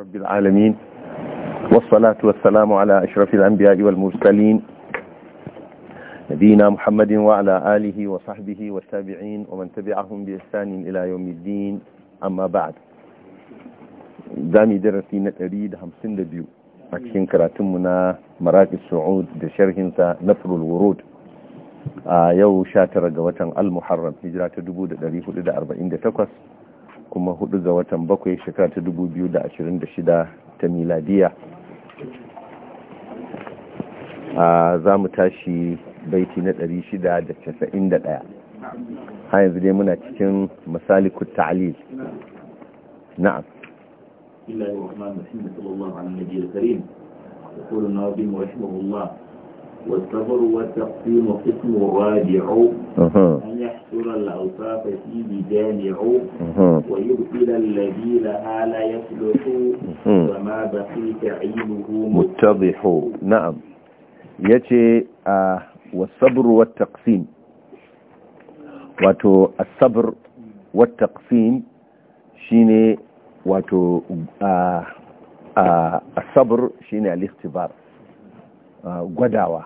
رب العالمين والصلاة والسلام على أشرف الأنبياء والمرسلين نبينا محمد وعلى آله وصحبه والتابعين ومن تبعهم بإحسان إلى يوم الدين أما بعد دامي درسي نتريد همسن لبيو أكشن كراتمنا مراكز السعود بشرهنسا نفر الورود يو شاتر جواتن المحرم هجرات دبود دريه لدى أربعين دتكوس kuma hudu ga watan bakwai shekara ta dubu 2026 ta miladiya za mu tashi baiti na 691 ha yanzu dai muna cikin masalikut ta'lil na'am بسم الله الرحمن الرحيم صلى da على na الكريم يقول الناظم رحمه الله والصبر والتقسيم قسم رادع أن يحصر الأوصاف فيه جامع ويبطل الذي لها لا يصلح وما بقيت عينه متضح نعم يتي آه والصبر والتقسيم wato asabar wattaqsim shine wato asabar shine al-ikhtibar gwadawa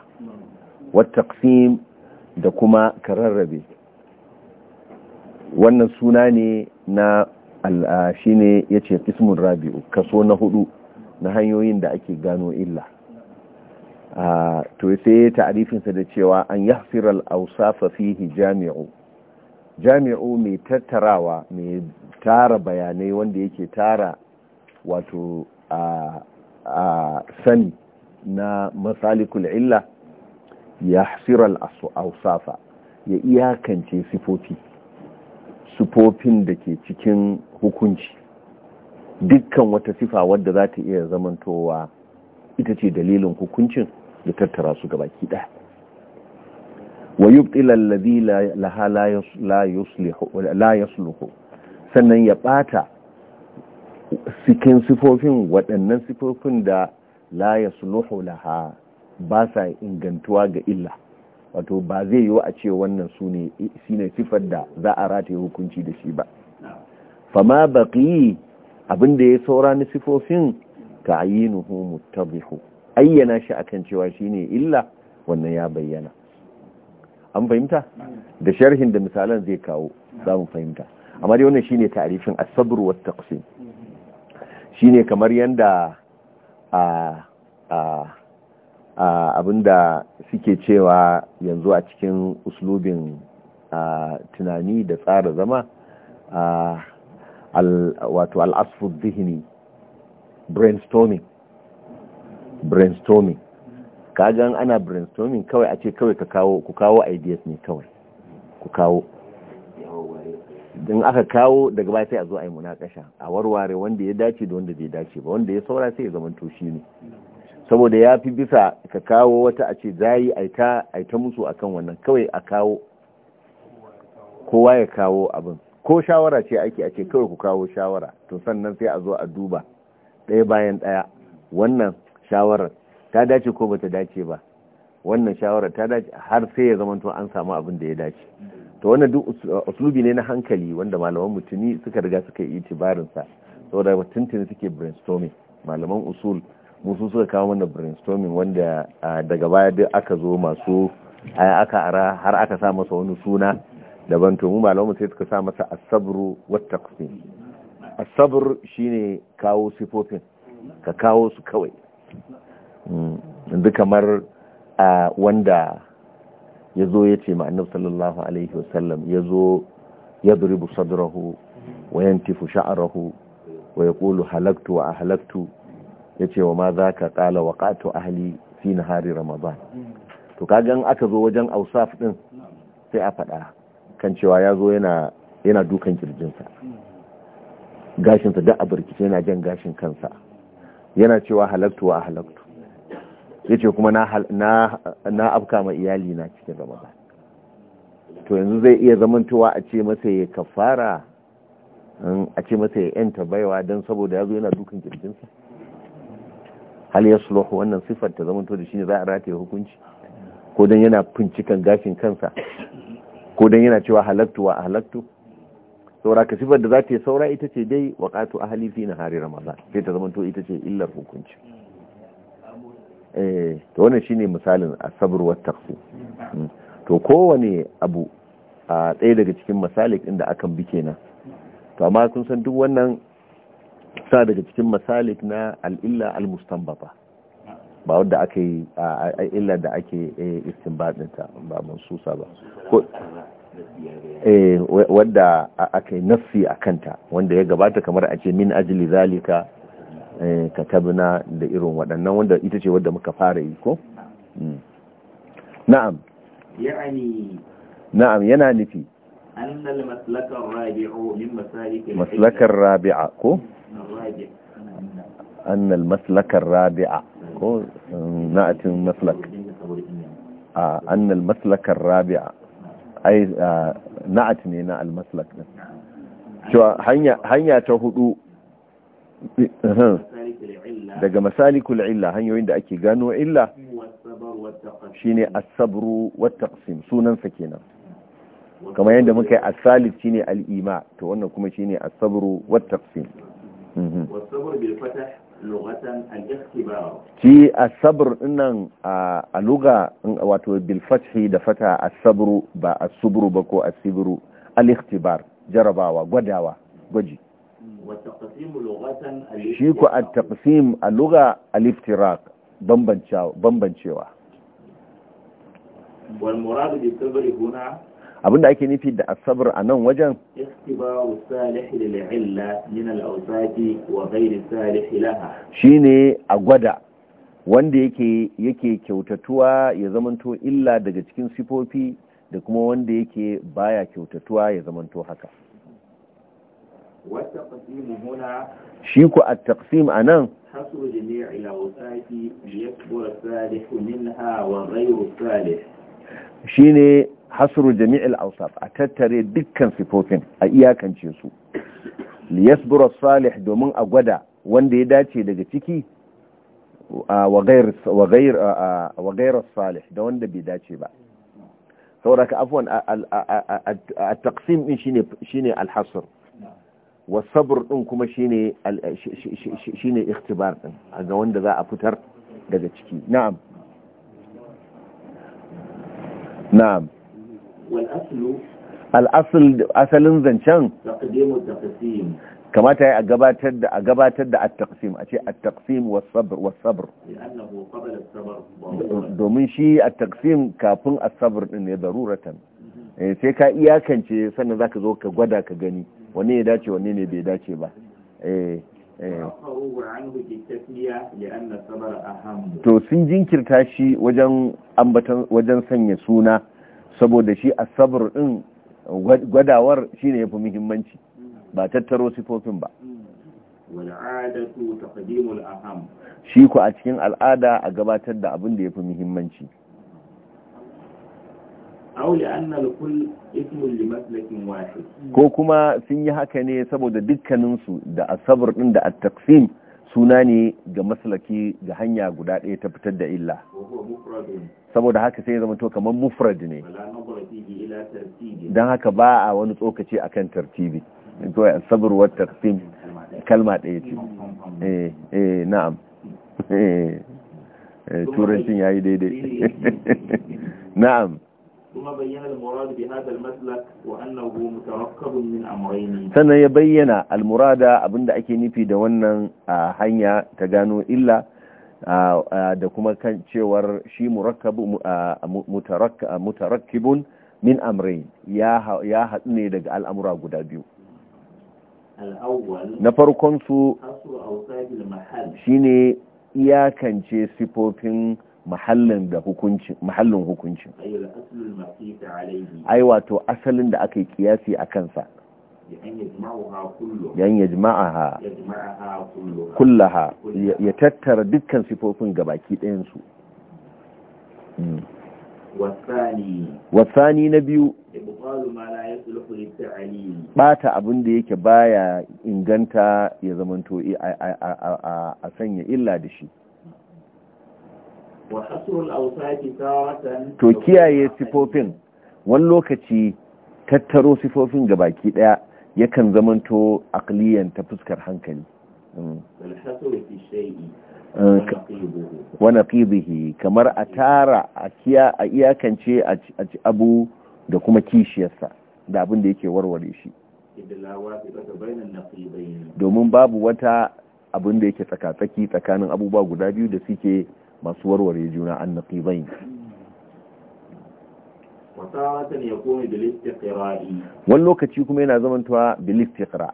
wattaqsim da kuma kararrabe wannan suna ne na ya yace ismin rabi'u kaso na hudu na hanyoyin da ake gano illa to sai ta'arifinsa da cewa an yahsiral awsafa fihi jami'u jami'u mai tattarawa mai tara bayanai wanda yake tara wato a sani na masalikul illa ya hasiral ausafa ya iyakance sifofi sifofin da ke cikin hukunci dukkan wata sifa wadda za ta iya zamantowa ita ce dalilin hukuncin ya tattara su gabaki ɗaya wa yubtila allazi laha la yuslihu sannan ya ɓata cikin sifofin waɗannan sifofin da la yasluhu laha ba sa ingantuwa ga illa wato ba zai wa a ce wannan su ne shine sifar da za a rataye hukunci da shi ba fama baqi abin da ya saura ni sifofin ka ta'yinuhu muttabihu ayyana shi akan cewa shine illa wannan ya bayyana an fahimta da sharhin da misalan zai kawo za mu fahimta amma dai wannan shine ta'rifin as-sabr wa taqsim shine kamar yanda abinda suke cewa yanzu a cikin uslubin tunani da tsara zama wato al'asfur zihini brainstorming brainstorming kagan ana brainstorming kawai a ce kawai ku kawo ideas ne kawai ku kawo In aka kawo daga baya sai a zo a yi munakasha a warware wanda ya dace da wanda bai dace ba wanda ya saura sai ya zamanto shi ne saboda ya fi bisa ka kawo wata a ce zayi a ta a ta musu akan wannan kawai a kawo kowa ya kawo abin ko shawara ce ake a ce kawai ku kawo shawara to sannan sai a zo a duba ɗaya bayan ɗaya wannan shawarar ta dace ko bata dace ba wannan shawarar ta dace har sai ya zamanto an samu abin da ya dace to wannan duk usulubi uh, ne na hankali wanda malaman mutuni suka riga suka yi itibarin sa saboda tuntuni suke brainstorming malaman usul musu suka kawo mana brainstorming wanda uh, daga baya duk aka zo masu aya aka ara har aka sa masa wani suna daban to mu malaman sai suka sa masa as-sabru wat taqsim as shine kawo sifofin ka kawo su kawai yanzu mm, kamar uh, wanda ya zo ya ce ma'anar sallallahu alaihi wasallam ya zo ya duribu sadrahu wa yantifu sha'arahu wa ya kulu halaktu wa halaktu ya ce wa ma za ka kala wa ƙato ahali fi na hari ramadan to kagan aka zo wajen ausaf din sai a faɗa kan cewa ya zo yana dukan kirjinsa gashinsa da a birkice yana jan gashin kansa yana cewa halaktu wa halaktu yace kuma na afka ma iyali na cikin ramadan to yanzu zai iya zamantowa a ce masa ya kafara a ce masa ya yanta baiwa don saboda ya zo yana dukan kirjinsa hal ya sulhu wannan siffar ta zamanto da shi ne za a rataye hukunci ko don yana fincikan gashin kansa ko don yana cewa halattu wa halattu saura ka siffar da za ta yi saura ita ce dai wakatu ahali fi na hari ramadan sai ta zamanto ita ce illar hukunci Eh, to wannan shine misalin asabr wa taqsim hmm. to kowane abu a ɗaya daga cikin masalik inda akan bi kenan to amma kun san duk wannan sa daga cikin masalik na al'illa al-mustanbata ba wadda aka a illa da ake eh, istinbadinta ba mansusa ba eh, wadda aka yi nassi a kanta wanda ya gabata kamar a ce min ajli zalika Eh, katabna da irin waɗannan wanda ita ce wadda muka fara yi ko hmm. na'am na'am yana nufi maslakar rabi'a ko annal maslakar rabi'a ko hmm, na'atin maslak annal maslakar rabi'a ai na'at ne na al-maslak din cewa hanya ta hudu daga masalikul illa hanyoyin da ake gano illa shine as-sabru wat-taqsim sunansa kenan kamar yadda muka yi as salif shine al-ima to wannan kuma shine as-sabru wat-taqsim mhm. shi as-sabr dinnan a luga wato bil da fata as-sabru ba a subru ba ko as-sibru al-ikhtibar jarabawa gwadawa gwaji shi ku a taqsim a luga al bambancewa abinda ake nufi da asabar a nan wajen shi ne a gwada wanda yake yake kyautatuwa ya zamanto illa daga cikin sifofi da kuma wanda yake baya kyautatuwa ya zamanto haka shi ku a taqsim a nan shi ne hasru jami'il ausaf a tattare dukkan sifofin a iyakance su liyasbura salih domin a gwada wanda ya dace daga ciki wa gairar salih da wanda bai dace ba sauraka afuwan a taqsim din shine alhasr wasabur ɗin kuma shi ne ikhtibar ɗin ga wanda za a fitar daga ciki na'am na'am al'asul asalin zancen kamata ya a gabatar da a gabatar da at-taqsim a ce at-taqsim was-sabr was-sabr domin shi at-taqsim kafin as-sabr din ne daruratan eh, sai ka iyakance sannan zaka zo ka gwada ka gani wani ya dace wani ne bai dace ba eh, eh. to sun jinkirta shi wajen ambatan wajen sanya suna saboda shi asabar din gwadawar shine fi muhimmanci ba tattaro sifofin ba shi ku a cikin al'ada a gabatar da abin da ya fi muhimmanci aw anna al li maslakin wahid ko kuma sun yi haka ne saboda dukkanin su da asabr din da at-taqsim suna ne ga maslaki ga hanya guda ɗaya ta fitar da illa saboda haka sai zama to kamar mufrad ne don haka ba a wani tsokaci akan tartibi kawai wa taqsim kalma ɗaya ce eh eh na'am eh, eh turancin yayi daidai na'am sannan ya bayyana almurada abinda ake nufi da wannan hanya ta gano illa da kuma kan cewar shi mutarakibun min amrain ya haɗu ne daga al'amura guda biyu na farkon su shi ne iyakance sifofin mahallin da hukuncin mahallin hukunci ai wato asalin da aka yi kiyasi a kansa yan ya jima'aha kullaha ya tattara dukkan sifofin gabaki ɗayansu mm. wasani na biyu bata abin da yake baya inganta ya zamanto a sanya illa da shi to kiyaye sifofin wani lokaci tattaro sifofin ga baki daya yakan zamanto akliyan ta fuskar hankali mm. wani ƙibihi eh, kamar a tara a iyakance a ci abu da kuma kishiyarsa da abin da yake warware shi domin babu wata abin da yake tsakatsaki tsakanin abubuwa guda biyu da suke masu warware juna an naqibain wani lokaci kuma yana zamantawa bil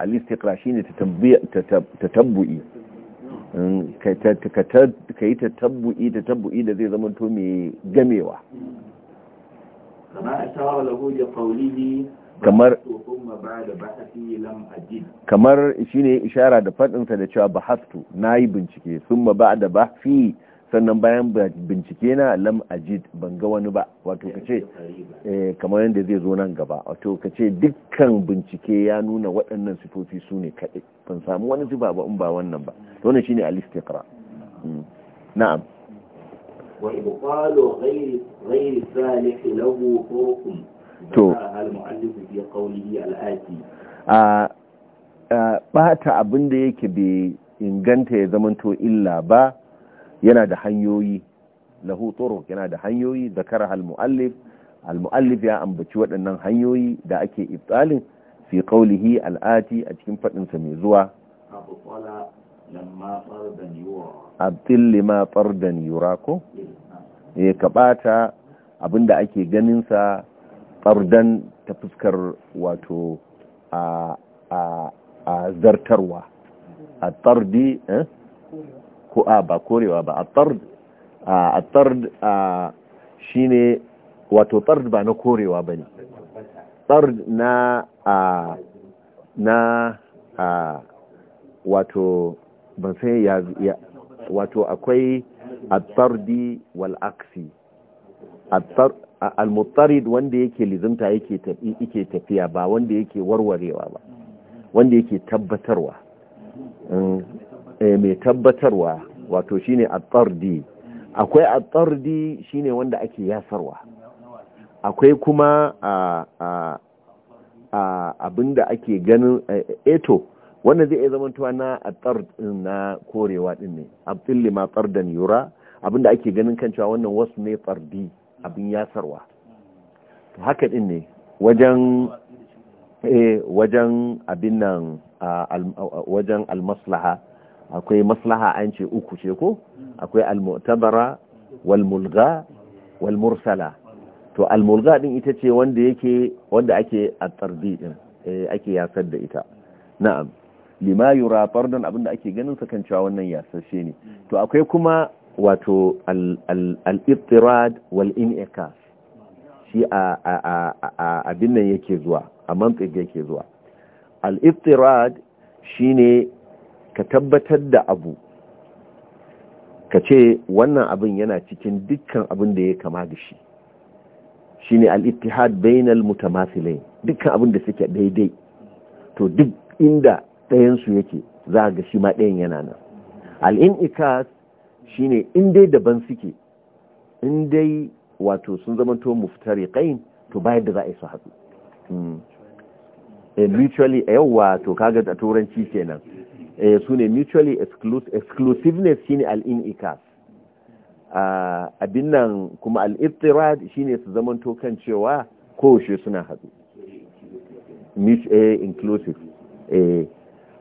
istiqra shi ne ta tabbu'i ka yi ta tabbu'i ta tabbu'i da zai zamanto mai gamewa kamar shi ne ishara da fadinsa da cewa ba na yi bincike sun da ba fi sannan bayan bincike na lam ajid ban ga wani ba wato ka ce eh, kamar yadda zai zo nan gaba wato ka ce dukkan bincike ya nuna waɗannan sifofi su ne kaɗai ban samu wani zuba ba in ba wannan ba to wannan shine al-istiqra hmm. na'am wa ibqalu ghayri ghayri salih lahu hukm to al-mu'allif fi qawlihi al-ati a bata abin da yake bai inganta ya zamanto illa ba yana da hanyoyi lahu turuq yana da hanyoyi zakara al muallif al muallif ya ambaci waɗannan hanyoyi da ake ibtalin fi qawlihi al ati a cikin fadin sa mai zuwa abtil lima fardan yurako ko eh ka bata abinda ake ganin sa fardan ta fuskar wato a a zartarwa a tardi eh? ko a ba korewa ba a tard shi ne wato tard ba na korewa ba ne tard na na wato ban sai ya wato akwai attardi wal aksi al-muttarid wanda yake lizimta yake tafiya ba wanda yake warwarewa ba wanda yake tabbatarwa mm. Eh, mai tabbatarwa wato shine a tardi akwai at-tardi shine wanda ake yasarwa akwai kuma a abinda ake ganin eto eh, eh, wannan zai iya tuwa na at-tard na korewa din ne abdulli ma tardan yura abinda ake ganin kan cewa wannan wasu ne tardi abin yasarwa haka din ne wajen wajen abin nan wajen almaslaha akwai maslaha an ce uku ce ko akwai almu'tabara walmulga walmursala to almulga din ita ce wanda yake wanda ake a tsardi din eh, ake yasar da ita na'am lima yura fardon abinda ake ganin sa kan cewa wannan yasashe ne to akwai kuma wato al-ittirad wal in'ikas shi a abin nan yake zuwa a mantsi yake zuwa al-ittirad shine ka tabbatar da abu ka ce wannan abin yana cikin dukkan abin da ya kama da shi shi ne al’ittihad bainal mutamasilai dukkan abin da suke daidai to duk inda ɗayan yake za ga shi ma ɗayan yana nan alinika shi ne in dai daban suke in dai wato sun zamanto muftariqain to bayan da za a yi su haɗu hmm. eh, mutually yau to kaga da turanci kenan eh su ne mutually exclusiveness shine al-inikas ah, abin nan kuma al shi shine su zamanto kan cewa kowace suna haɗu eh, inclusive eh,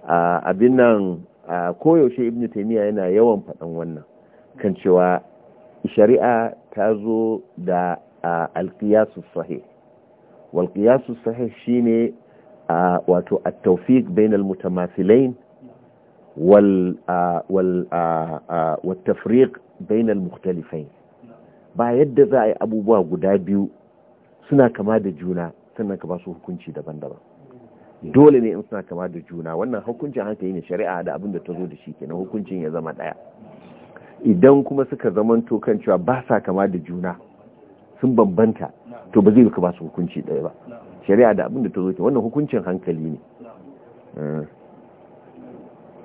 ah, abin nan ah, koyaushe ibn taimiyya yana yawan faɗan wannan kan cewa shari'a ta zo da alkiyasu sahih walkiyasu sahih shine wato a taufik bainal mutamafilain والتفريق بين المختلفين ba yadda za a abubuwa guda biyu suna kama da juna sannan ka ba su hukunci daban-daban dole ne in suna kama da juna wannan hukuncin haka ne shari'a da abin da ta zo da shi kenan hukuncin ya zama ɗaya idan kuma suka zamanto kan cewa ba sa kama da juna sun bambanta to ba zai ka ba su hukunci ɗaya ba shari'a da abin da ta zo ke wannan hukuncin hankali ne eh.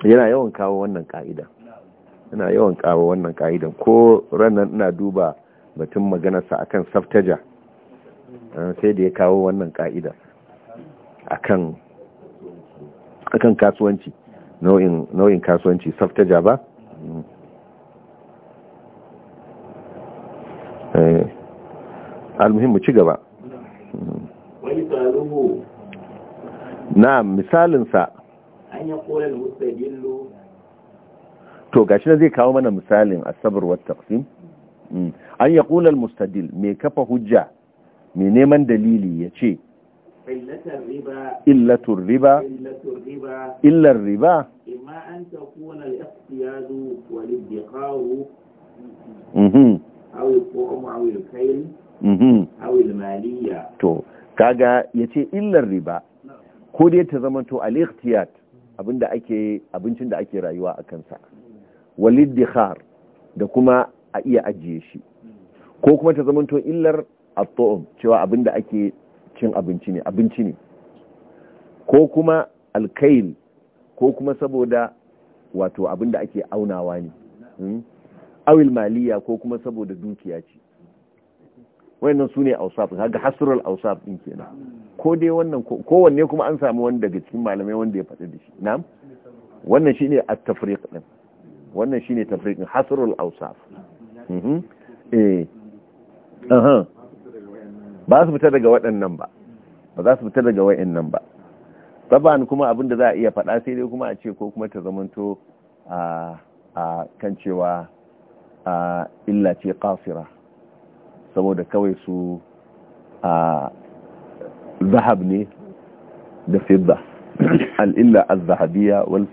yana yawan kawo wannan ka'ida yana yawan kawo wannan ka'ida ko ranar ina duba batun maganarsa akan saftaja eh, sai da ya kawo wannan ka'ida akan akan kasuwanci nau'in kasuwanci saftaja ba eh, almuhimmu ci gaba na misalinsa an ya kore mustadillu to gashi na zai kawo mana misalin asabar wa taqsim mm. an ya kula mustadil mai kafa hujja mai neman dalili ya ce illatul riba illar riba imma an takuna al-iqtiyadu wal ibtiqa'u mm-hmm. aw al-qawm aw al-kayl mm-hmm. aw al to kaga yace illar riba ko dai ta zama to al-iqtiyad abinda ake abincin da ake rayuwa a kansa walid dikhar da kuma a iya ajiye shi ko kuma ta zamanto illar at cewa abinda ake cin abinci ne abinci ne ko kuma alkail ko kuma saboda wato abinda ake aunawa ne hmm? awil maliya ko kuma saboda dukiya ce wayannan sune ne ausaf kaga hasrul ausaf din kenan ko dai wannan kowanne kuma an samu wani daga cikin malamai wanda ya faɗi da shi na'am wannan shine at-tafriq din wannan shine tafriq din hasrul awsaf mhm eh aha ba su fita daga waɗannan ba ba za su fita daga waɗannan ba taban kuma abin da za a iya faɗa sai dai kuma a ce ko kuma ta zamanto a a kan cewa a illa ce qasira saboda kawai su a zahab ne da fidda al'illa al-zahabiyya wal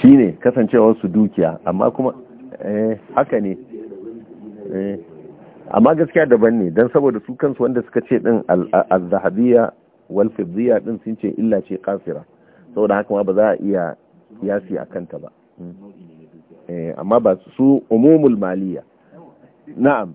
shine kasancewar su dukiya amma kuma eh haka ne eh amma gaskiya daban ne don saboda su kansu wanda suka ce din al-zahabiyya wal fiddiya din sun ce illa ce kafira saboda haka ma ba za a iya yasi akan ta ba amma ba su umumul maliya na'am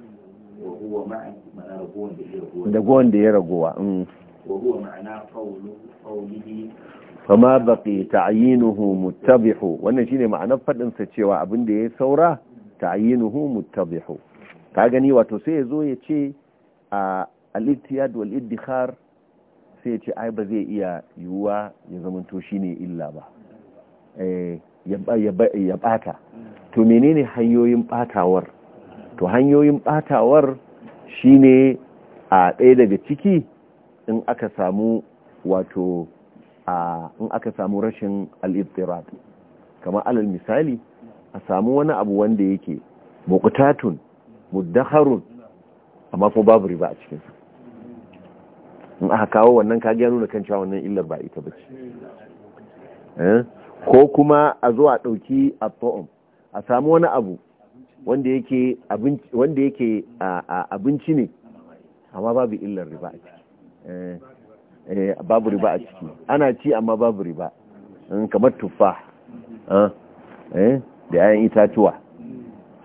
da gowon da ya ragowa fama baƙi ta'ayinuhu mutabihu wannan shine ma'anar faɗinsa cewa abin da ya saura ta'ayinuhu mutabihu ka gani wato sai yazo ya ce a al-ittiyad wal sai ya ce ai ba zai iya yiwuwa ya zamanto shine illa ba ya ɓata to menene hanyoyin ɓatawar. to hanyoyin batawar shine a ɗaya daga ciki in aka samu wato a in aka samu rashin al'ibtirat kamar alal misali a samu wani abu wanda yake muqtatun muddakharun amma ko babu riba a cikin in aka kawo wannan kage nuna kan cewa wannan illar ba ita bace eh ko kuma a zo a dauki a samu wani abu wanda yake abinci ne amma babu illar riba a ciki eh, eh, babu riba a ciki ana ci amma babu riba hmm, kamar tuffa ah, eh, da 'ya'yan itatuwa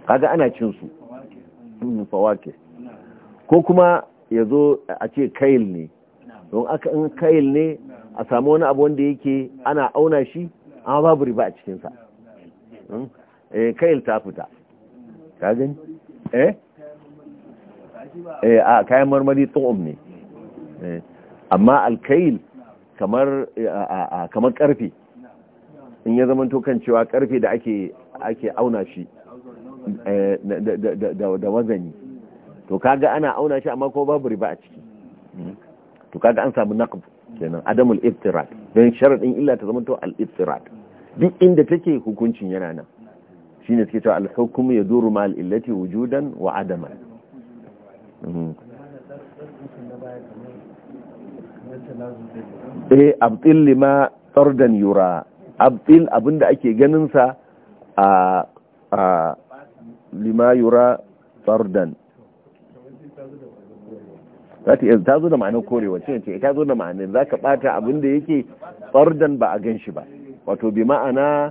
kaga ana cin su hmm, fawake ko kuma ya zo a ce kail ne don aka in kail ne a samu wani abu wanda yake ana auna shi amma babu riba a cikinsa hmm, kail ta fita ka gani eh eh a kayan marmari tsohon ne eh, amma alkail kamar kamar karfe in ya zama tokan cewa karfe da ake ake auna shi eh, da wazani to kaga ana auna shi amma ko babu riba a ciki hmm. to kaga an samu naqb kenan adamul iftirat don sharadin illa ta zama to al iftirat duk inda take hukuncin yana nan shine suke cewa al-hukmu yaduru ma al-illati wujudan wa adaman mhm. eh abtil lima tsardan yura abtil abinda ake ganin sa a a lima yura tsardan zata yanzu ta zo da ma'anar korewa ce ne ta zo da ma'anar za ka ɓata abinda yake tsardan ba a gan shi ba wato bi ma'ana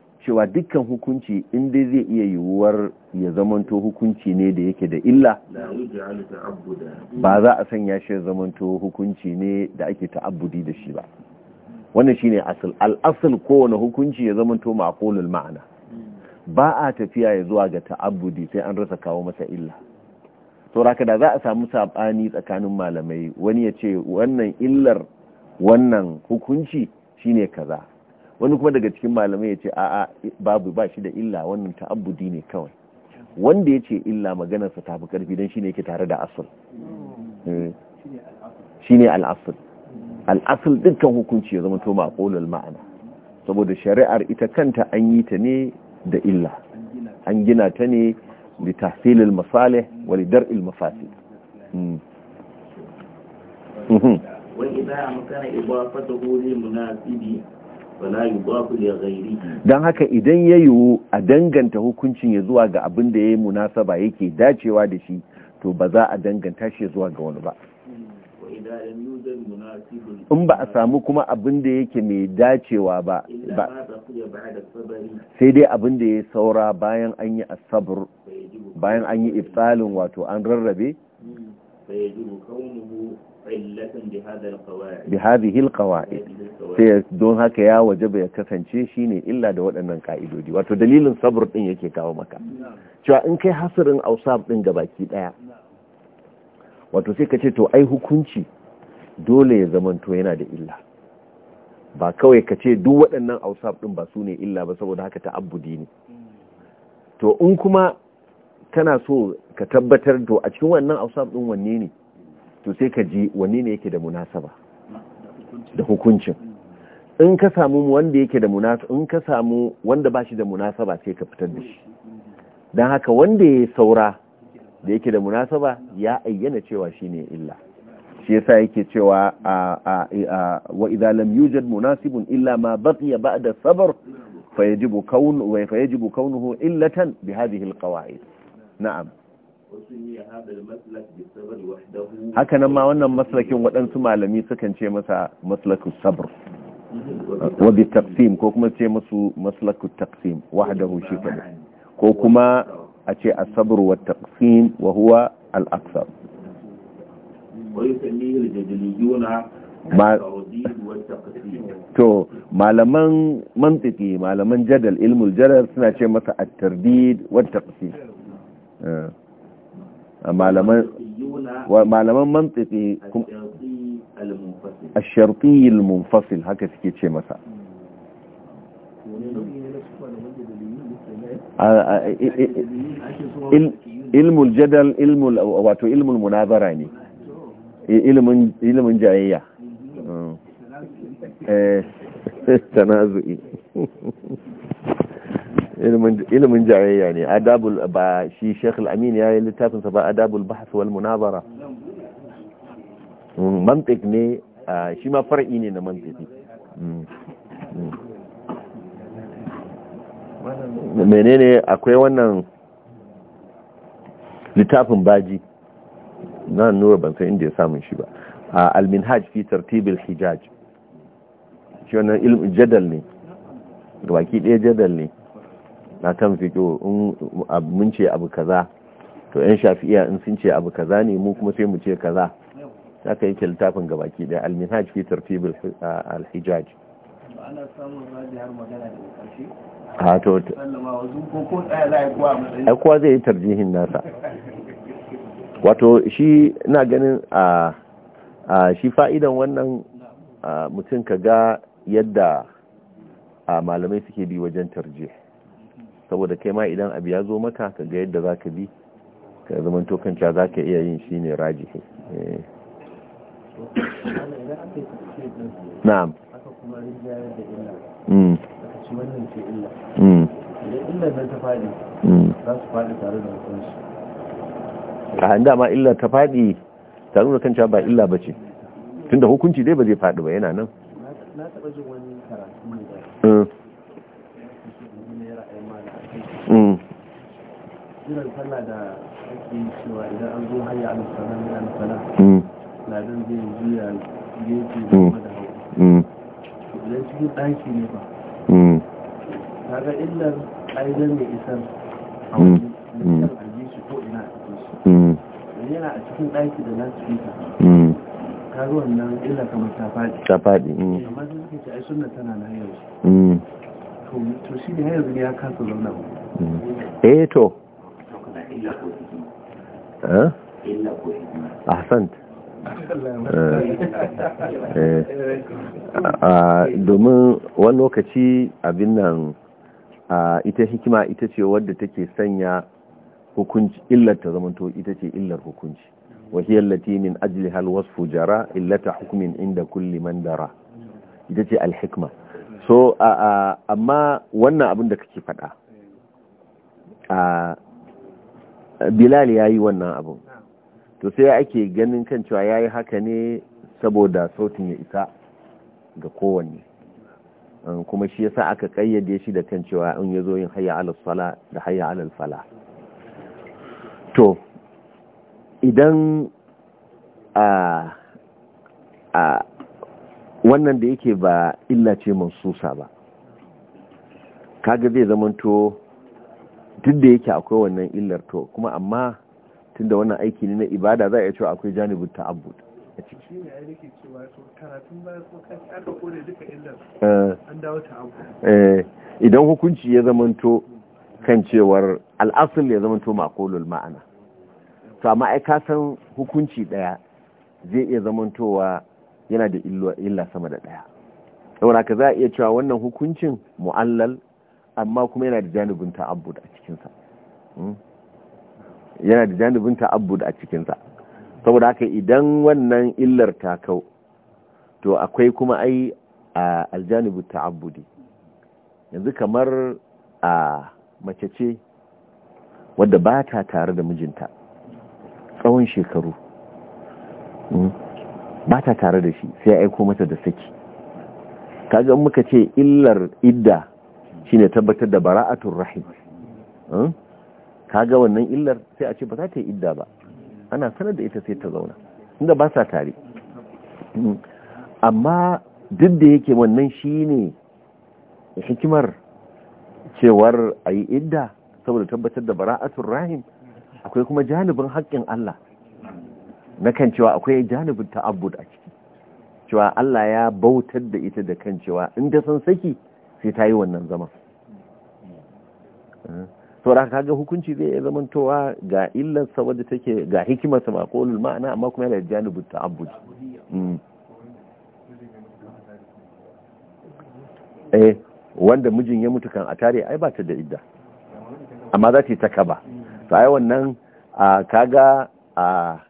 cewa dukkan hukunci in dai zai iya yiwuwar ya zamanto hukunci ne da yake da illa ba za a sanya shi ya zamanto hukunci ne da ake ta'abudi da shi ba wannan shine asal al'asal kowane hukunci ya zamanto maqulul ma'ana ba a tafiya ya zuwa ga ta'abudi sai an rasa kawo masa illa sauraka da za a samu sabani tsakanin malamai wani ya ce wannan illar wannan hukunci shine kaza wani kuma daga cikin malamai ya ce a'a babu ba shi da illa wannan ta'abbudi ne kawai wanda ya ce illa maganarsa ta fi karfi don shi ne yake tare da asul eh, shi ne al'asul al'asul dukkan hukunci ya zama to maƙolul ma'ana saboda shari'ar ita kanta an yi ta ne da illa an gina ta ne da tafilil masalih wa dar'il mafasid وإذا أمكن إضافته munasibi. don haka idan ya yiwu a danganta hukuncin ya zuwa ga abin da ya yi munasaba yake dacewa da shi to ba za a danganta shi zuwa ga wani ba in ba a samu kuma abin da yake mai dacewa ba sai dai abin da ya saura bayan an yi asabar bayan an yi iftalin wato an rarrabe hmm. بهذه القواعد sai don haka ya waje ba ya kasance shine illa da waɗannan ka'idodi wato dalilin sabr ɗin yake kawo maka cewa in kai hasirin ausab din gabaki ɗaya wato sai ka ce to ai hukunci dole ya zamanto yana da illa ba kawai ka ce duk waɗannan ausab ɗin ba su ne illa ba saboda haka ta'abbudi ne hmm. to in kuma kana so ka tabbatar to a cikin wannan ausab ɗin wanne ne to sai ka ji wanne ne yake da munasaba da hukuncin in ka samu wanda yake da munasaba in ka samu wanda ba shi da munasaba sai ka fitar da shi don haka wanda ya saura da yake da munasaba ya ayyana cewa shi ne illa shi yasa yake cewa wa idza lam yujad munasibun illa ma baqiya ba'da sabr fayajibu kaunu wa fayajibu kaunuhu illatan bi hadhihi alqawaid na'am haka nan ma wannan maslakin waɗansu malami sukan ce masa maslaku sabr wadda Taksim, ko kuma ce masu maslaku Taksim, wahdahu shi kadai ko kuma a ce a sabr wa Taksim wa huwa al'aksar to malaman mantiki malaman jadal ilmul jadal suna ce masa at-tardid wa taqsim eh. malaman mantiki الشرطي المنفصل haka suke ce masa ilmul jadal ilmul wato ilmul munazara ne ilmin ilmin jayayya eh tanazu'i ilimin jayayya ne adabul ba shi Sheikh Al-Amin ya yi littafinsa ba adabul bahth wal munazara mm, mantik ne shi ma far'i ne na mantiqi mm, mm. menene akwai wannan littafin baji na nura ban san inda ya samun shi ba al-minhaj fi tartibil hijaj shi wannan ilmin jadal ne gabaki ɗaya jadal ne na kan fiƙo mun ce abu kaza to yan shafi'iya in sun ce abu kaza ne mu kuma sai mu ce kaza za ka yake littafin gabaki daya al-minhaj fi tartib al ana samun rajihar magana da ƙarshe a to a kowa zai yi tarjihin nasa wato shi na ganin a shi fa'idan wannan mutum ka ga yadda malamai suke bi wajen tarjih saboda kai ma idan abu ya zo maka ka ga yadda za ka bi ka zaman tokanca za ka iya yin shi ne ke eh. na'am a hmm. handa hmm. hmm. ah, ma illa ta faɗi tare da kan ba illa ba ce tun da hukunci dai ba zai faɗi ba yana nan na taɓa jin wani karatu ne da Mm. kiran sallah da ake cewa idan an zo hanya a musana ne a musana mm. ladan zai juya gefe mm. da hau idan cikin ɗaki ne ba kaga illar ƙa'idar mai isar a wani arji shi ko ina a cikin shi yana a cikin ɗaki da last speaker kaga wannan illar kamar ta faɗi ta faɗi amma sun ce ai sunna tana na yau ya hmm. eh, to eh? Eh. Ah, domin wani lokaci abin nan ita hikima ita ce wadda take sanya hukunci illar ta zamanto ita ce illar hukunci wahiyar latinin ajli hal wasfu jara illata hukumin inda kulli man dara ita ce alhikma so a amma wannan abin da kake fada a bilal ya yi wannan abin to sai ake ganin kan cewa ya yi haka ne saboda sautin ya isa ga kowanne kuma shi yasa aka kayyade shi da kan cewa in yazo yin hayya alal sala da hayya alal fala to idan a wannan da yake ba illa ce mansusa ba kaga zai zamanto duk da yake akwai wannan illar to kuma amma tunda wannan aiki ne na ibada za a iya cewa akwai janibin ta'abbud a ciki shi ne aiki cewa to karatun bayan ko kai aka kore duka illar eh. an dawo ta'abbud eh idan hukunci ya zamanto kan cewar al'asul ya zamanto makolul ma'ana to amma ai ka san hukunci daya zai iya zamantowa yana da illa sama da ɗaya saboda haka za a iya cewa wannan hukuncin mu'allal amma kuma yana da janibin ta'abbud a cikinsa hmm? yana da janibin ta'abbud a cikinsa saboda haka idan wannan illar ta kau to akwai kuma ai a aljanibu ta'abbudi yanzu kamar a mace ce wadda ba ta tare da mijinta tsawon shekaru hmm? ba ta tare da shi sai ya aiko mata da saki kaga muka ce illar idda shine tabbatar da bara'atul rahim hmm? kaga wannan illar sai a ce ba za ta yi idda ba ana sanar da ita sai ta zauna inda ba sa tare hmm? amma duk da yake wannan shine hikimar cewar a yi idda saboda tabbatar da bara'atun rahim akwai kuma janibin haƙƙin Allah na kan cewa akwai janibin ta'abbud a ciki cewa Allah ya bautar da ita da kan cewa in ta san saki sai ta yi wannan zama eh. da kaga hukunci zai iya zamantowa ga illarsa wadda take ga hikimarsa ma kolul ma'ana amma kuma yana da janibin ta'abbud hmm. eh, wanda mijin ya mutu kan a ai ba ta da idda amma za ta yi ta kaba to ai wannan kaga a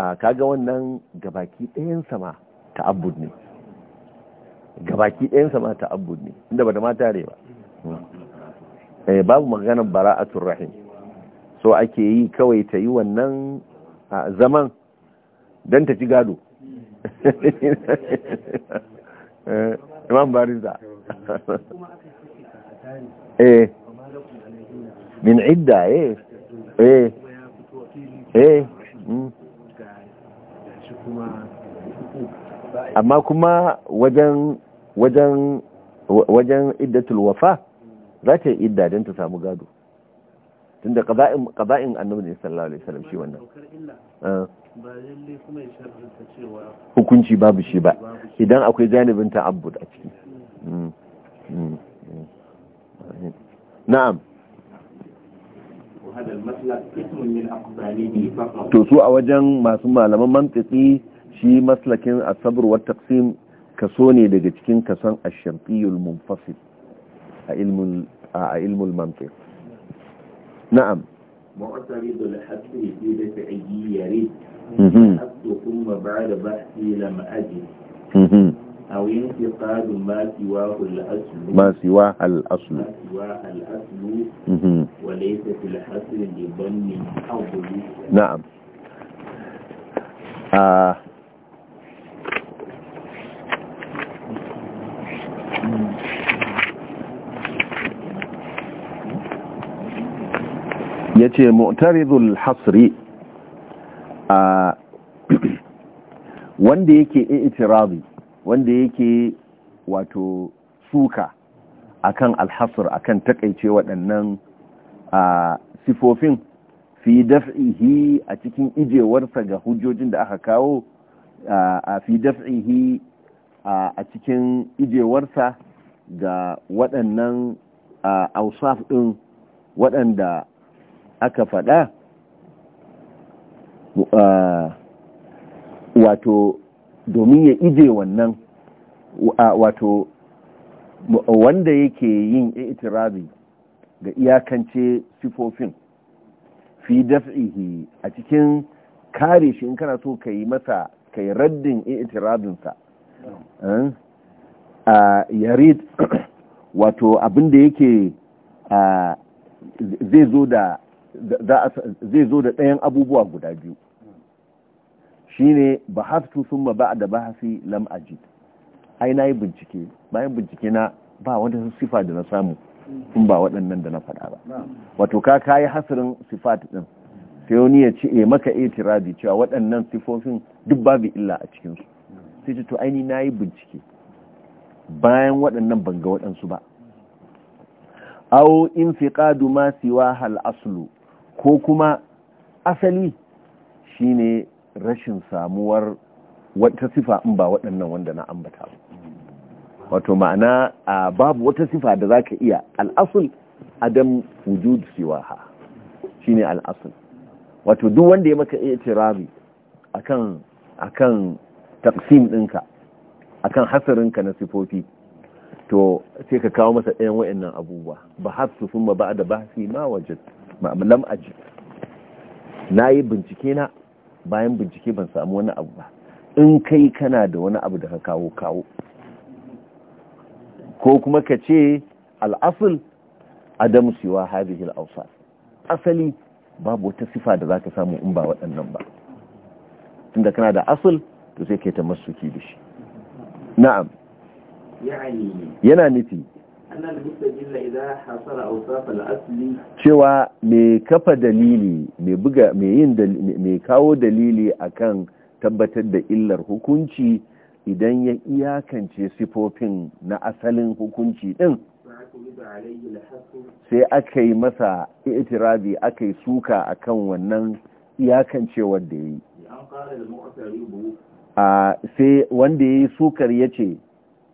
Ka kaga wannan gabaki ɗayan sama ta'abbud ne gabaki ɗayan sama ta'abbud ne inda ba da ma re ba eh, babu maganar bara'atul rahim so ake yi kawai ta yi wannan zaman don ta ci gado eh, imam bariza eh min idda eh eh eh hmm. amma kuma wajen wajen wajen iddatul wafa za ta yi idda don ta samu gado tun da ƙaza'in annabi ne sallallahu alaihi wasallam shi wannan ah. hukunci babu shi ba idan akwai janibin ta'abbud a ciki hmm. Hmm. Hmm. na'am to su a wajen masu malaman mantiki shi maslakin asabar wa taqsim kaso ne daga cikin kason ash-shamtiyul munfasil a ilmul a ilmul mantiq na'am معترض الحد في دفعه kuma ba da بحثي لم أجد أو انتقاد ما سواه الأصل ما سواه الأصل ما سواه الأصل وليس في الحصر أو حظه نعم آه yace mu'taridul hasri a wanda yake i'tirazi wanda yake wato suka akan alhasar akan takaice waɗannan sifofin fi daf'ihi a cikin ijewarsa ga hujjojin da aka kawo a fi daf'ihi a cikin ijewarsa ga waɗannan ausaf ɗin waɗanda aka faɗa wato domin ya ije wannan wato wanda yake yin itirazi ga iyakance sifofin fi daf'ihi a cikin kare shi in kana so ka yi masa ka yi raddin itirazinsa a yarid wato abinda yake zai zo da ɗayan abubuwa guda biyu shine bahaftu thumma ba'da bahasi lam ajid ai nayi bincike bayan bincike na ba wanda sun sifa da na samu sun ba waɗannan da na faɗa ba wato ka kayi hasirin sifat din sai wani ya ce e maka itiradi cewa waɗannan sifofin duk babu illa a cikinsu. su sai ce to aini nayi bincike bayan waɗannan ban ga waɗansu ba aw infiqadu ma siwa hal aslu ko kuma asali shine rashin samuwar wata sifa in ba waɗannan wanda na ambata wato ma'ana babu wata sifa da zaka iya al'asul adam wujud shi shine al'asul wato duk wanda ya maka itirabi akan akan Taksim ɗinka akan hasarinka na sifofi to sai ka kawo masa ɗayan wayannan abubuwa ba hasu sun ba da ba, bahsi ma wajen ma'amalan ajiyar na yi bincike na bayan bincike ban samu wani abu ba in kai kana da wani abu da ka kawo kawo ko kuma ka ce al'asul adam siwa hadhihi al asali babu wata sifa da zaka samu in ba waɗannan ba tun da kana da asul to sai kai ta masu ki da shi na'am yana nufi cewa mai kafa dalili mai mai kawo dalili akan tabbatar da illar hukunci idan ya iyakance sifofin na asalin hukunci din sai aka yi masa itirazi aka yi suka kan wannan iyakance da ya yi sai wanda ya yi sukar ya ce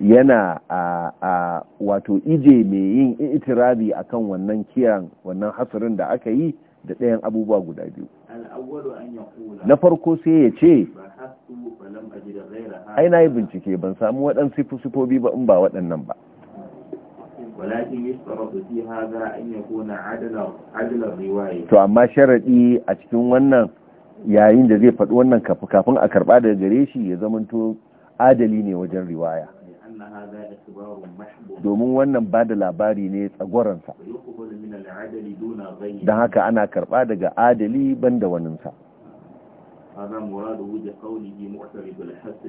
yana a, a wato ije mai yin itirabi akan wannan kiran wannan hasarin da aka yi da ɗayan abubuwa guda biyu na farko sai ya ce ai na yi bincike ban samu waɗansu sifobi ba in ba waɗannan ba riwaya to amma sharaɗi a cikin wannan yayin da zai faɗi wannan kafin a karɓa daga gare shi ya zamanto adali ne wajen riwaya domin wannan ba da labari ne tsagoransa don haka ana karba daga adali banda waninsa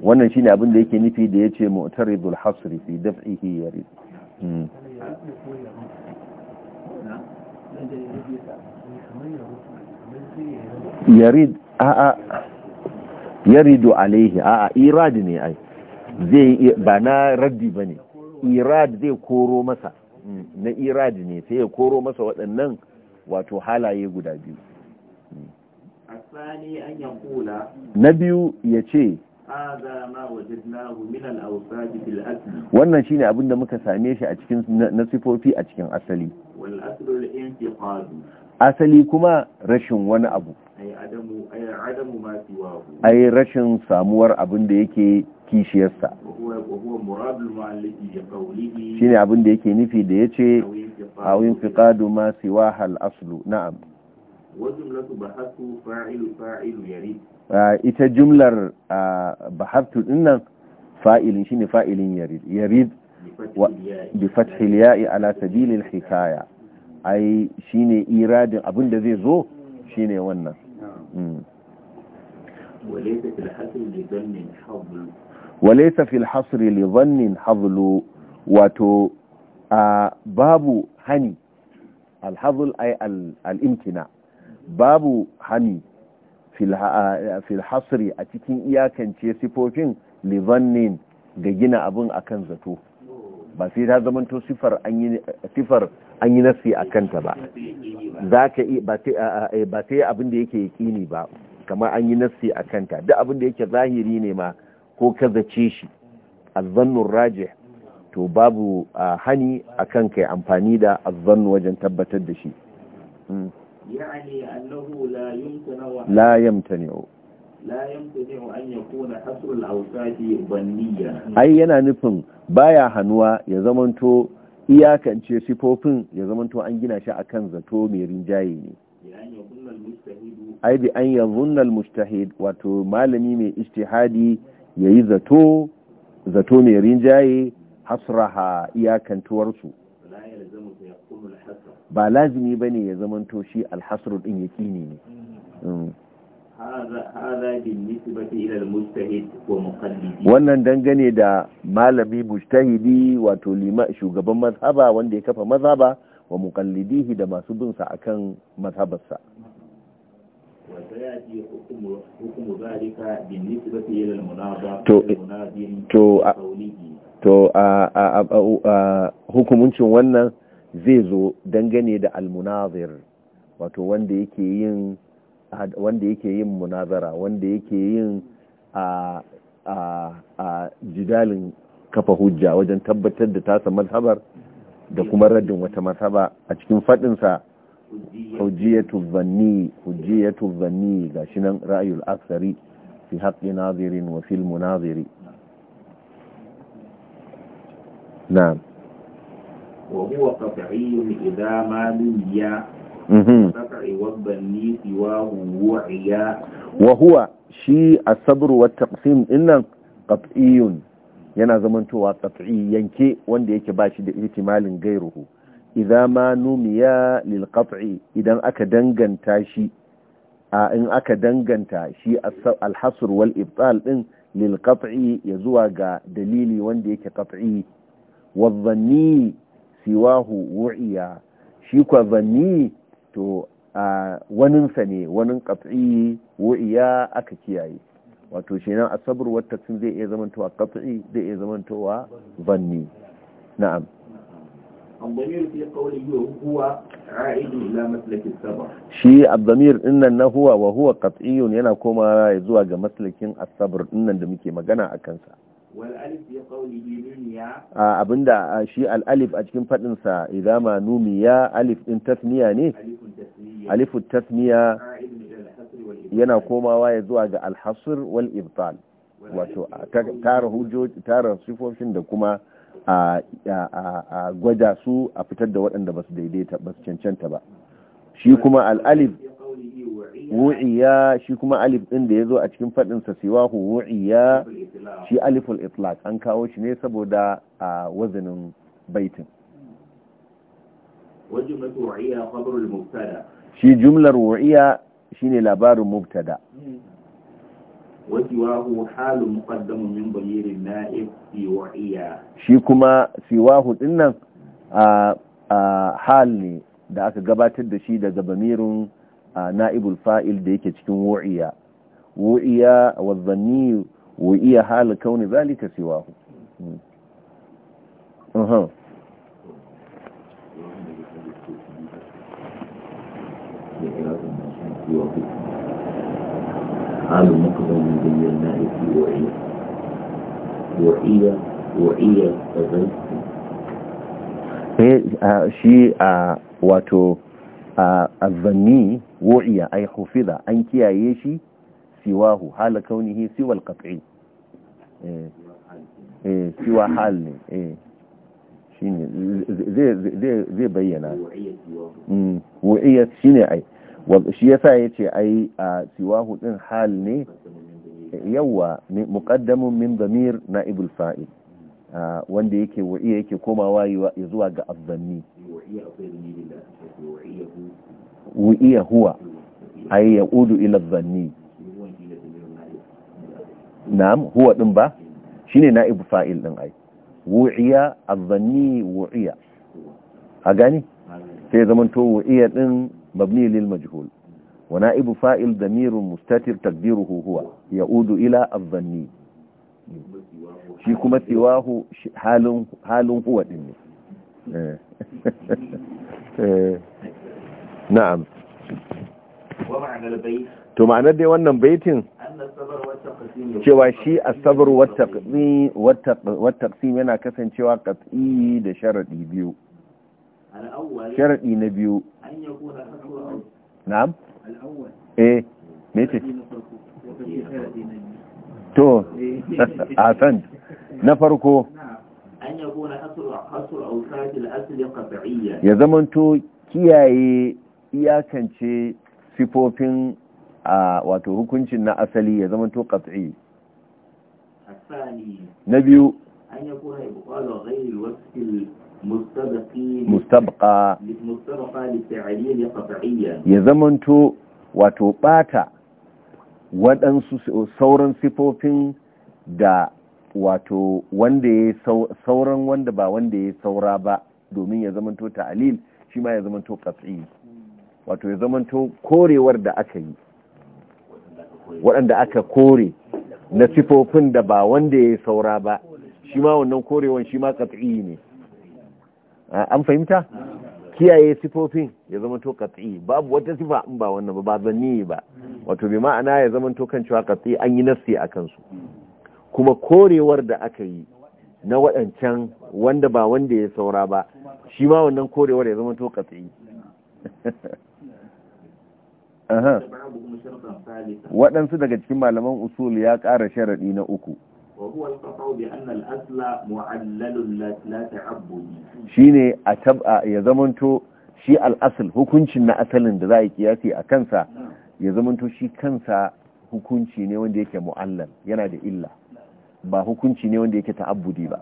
wannan shine abin da yake nufi da ya ce mu'taridul hasri fi daf'ihi yarid yarid a'a yaridu alaihi a'a iradi ne ai zai ba na raddi ba ne irad zai koro masa mm, na irad ne sai ya koro masa waɗannan wato halaye guda biyu mm. na biyu ya ce wannan shine abin da muka same shi a cikin na sifofi a cikin asali asali kuma rashin wani abu ai rashin samuwar abin da yake kishiyarsa shi ne abinda yake nufi da ya ce a fiƙadu masu siwa hal na'am ita jumlar bahartu dinnan fa'ilin shi ne fa'ilin yarid yarid bi fathil ya'i ala hikaya ai shi ne iradin abinda zai zo shi ne wannan walaysa fil hasri li dhannin wato babu hani al hadl babu hani fil hasri a cikin iyakance sifofin li ga gina abun akan zato ba sai ta zamanto sifar an yi sifar an yi ba ba sai abin da yake yaƙini ba kamar an yi nasi a kanta duk abinda yake zahiri ne ma ko ka zace shi zannun rajih to babu a hani akan kai amfani da azzannu wajen tabbatar da shi يعني أنه لا an yana nufin baya hannuwa ya zamanto iyakance sifofin ya zamanto an gina shi akan zato mai rinjaye ne ai bi an yadhunna al mustahid, wato malami mai istihadi. ya yi zato zato mai rinjaye hasraha iyakantuwarsu ba lazimi ba ne ya zama toshi alhasru din ya ne ne wannan dangane da malami mujtahidi wato shugaban mazhaba wanda ya kafa mazhaba wa mukallidihi da masu bin sa akan mazhabarsa وسيأتي حكم حكم ذلك بالنسبة إلى تو تو to a wannan zai zo dangane da almunazir wato wanda yake yin munazara wanda yake yin a a jidalin kafa hujja wajen tabbatar da tasa mazhabar da kuma raddin wata mazhaba a cikin faɗinsa hujjiyatu zanni hujjiyatu zanni gashi nan ra'ayul aksari fi haqqi nazirin wa fil munaziri na'am wa huwa qat'iyyun idha ma nuya mhm. qat'i wa dhanni siwahu wa'iya wa huwa shi as-sabr wa taƙasim, taqsim innan qat'iyyun yana zamantowa qat'i yanke wanda yake bashi da ihtimalin gairuhu idza ma numiya lil idan aka danganta shi a in aka danganta shi al wal ibtal din lilƙaf'i ya zuwa ga dalili wanda yake qat'i wa dhanni siwahu wu'iya shi kwa dhanni to waninsa ne wanin qat'i aka kiyaye wato shi nan wata sun zai iya zamantowa qat'i zai iya zamantowa dhanni na'am shi abdamir innan na huwa wa huwa qat'iyun yana koma zuwa ga maslakin asabar innan da muke magana a kansa abinda shi al'alif a cikin faɗinsa idama numiya alif ɗin tasmiya ne alifun tasmiya yana komawa ya zuwa ga alhassur wal wato tara sifofin da kuma a gwada su a fitar da waɗanda ba su daidaita ba su cancanta ba shi kuma al'alif wu'iya shi kuma alif ɗin da ya zo a cikin faɗinsa siwahu wu'iya shi aliful itlaq an kawo shi ne saboda a wazanin baitin shi jumlar wu'iya shine labarin mubtada hmm. wasiwahu halun muqaddamun min bayirin na'ib siwa'iya shi kuma siwahu dinnan a حال ني da aka gabatar da shi daga bamirin na'ibul fa'il da yake cikin wu'iya wu'iya wa zanni wu'iya hal kauni zalika siwahu Thank hmm. you. فعال مقدم بين الماء في وعي وعي وعي shi a wato azzanni wu'iya ai hufiza an kiyaye shi حال hala سوى القطعي eh siwa hal ne shine zai bayyana wu'iya shine ai shi yasa ce ai a siwahu din hal ne yawa muqaddamun min damir ibul fa'il wanda yake wa'iya yake komawa zuwa ga abdanni wa'iya huwa ai udu ila dhanni na'am huwa din ba shine ibul fa'il din ai wu'iya adh-dhanni wu'iya a gani sai zaman to wu'iya din مبني للمجهول ونائب فائل ضمير مستتر تقديره هو يعود إلى الظني shi kuma siwahu halin huwa din to ma'anar dai wannan baitin cewa shi asabar wata yana kasancewa qat'i da sharadi biyu sharaɗi na biyu na'am eh to na farko eh. ya zamanto kiyaye iyakance sifofin a wato hukuncin na asali ya zamanto kat'i na biyu mustabqa ya zamanto wato bata waɗansu sauran sifofin da wato wanda ya sauran wanda ba wanda ya saura ba domin ya zamanto ta'alil shi ma ya zamanto katsi wato ya zamanto korewar da aka yi waɗanda aka kore na sifofin da ba wanda ya saura ba shi ma wannan korewar shi ma katsi ne an fahimta kiyaye sifofin ya zama to katsi babu wata sifa in ba wannan ba ba zanni ba wato bi ma'ana ya zama to kan cewa katsi an yi nassi a kansu kuma korewar da aka yi na waɗancan wanda ba wanda ya saura ba shi ma wannan korewar ya zama to katsi waɗansu daga cikin malaman usul ya ƙara sharaɗi na uku وهو القطع بأن الأصل معلل لا تعبد شيني أتب يزمنتو shi al'asul hukuncin na asalin da za a kiyasi a kansa ya zamanto shi kansa hukunci ne wanda yake mu'allal yana da illa ba hukunci ne wanda yake ta'abudi ba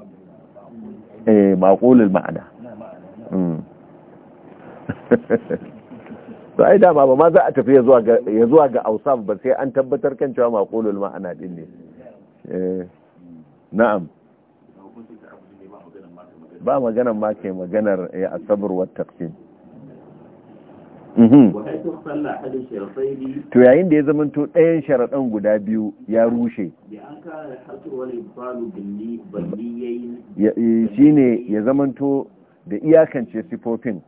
eh maqulul ma'ana hmm. to ai dama ba ma za a tafi ya zuwa ga ausaf ba sai an tabbatar kan cewa maqulul ma'ana din ne eh. na'am ba magana ma ke maganar ya eh, asabar wa mhm. to yayin da ya to ɗayan sharaɗan guda biyu ya rushe eh, shi ne ya zamanto da iyakance sifofin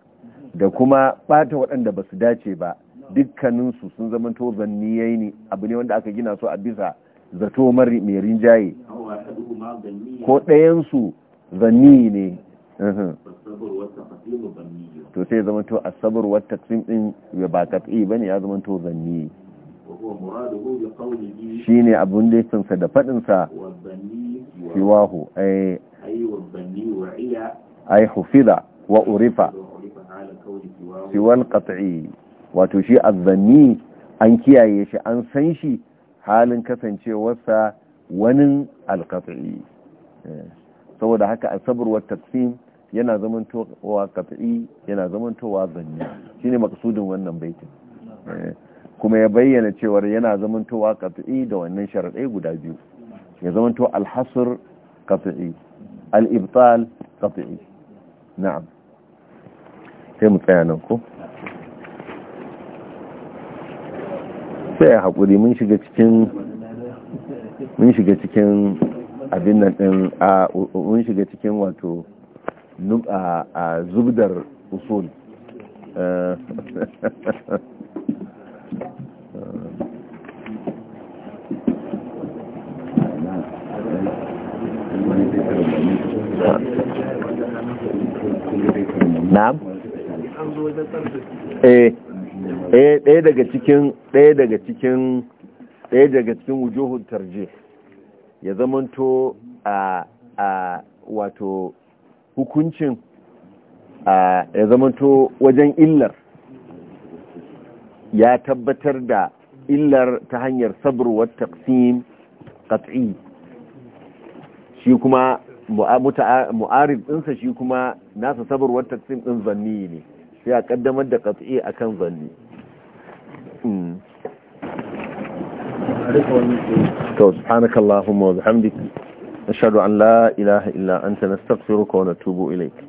da kuma ɓata waɗanda ba su dace ba dukkaninsu sun zamanto zanniyai ne abu ne wanda aka gina su a bisa zato mai rinjaye ko ɗayansu zanni ne to sai zama to sabar wata tsim ya ba katsi ba ne ya zama to zanni shi ne abin da ya da faɗinsa siwahu eh. ai hufida wa urifa siwal katsi wato shi a zanni an kiyaye shi an san shi halin kasancewarsa wani alkat'i eh, saboda haka asabar wa Taksim yana zamantowa kat'i yana zamantowa zane shine makasudin wannan baitin eh, kuma ya bayyana cewar yana zamantowa kat'i da wannan sharaɗai guda biyu ya zamanto Alhasur kat'i al-ibtal na'am sai mu tsaya nan ko sai a haƙuri mun shiga cikin mun shiga cikin abin nan ɗin a mun shiga cikin wato a zubdar usul na'am eh ɗaya daga cikin ɗaya daga cikin ɗaya daga cikin wujuhun tarje ya zamanto a a wato hukuncin ya zamanto wajen illar ya tabbatar da illar ta hanyar sabruwar taqsim katsi shi kuma mu'arif ɗinsa shi kuma nasa sabarwar taksim ɗin zanni ne sai a ƙaddamar da katsi akan zanni to hmm. subhanakallahumma wa bihamdika nashhadu an la ilaha illa anta nastaghfiruka wa natubu ilayk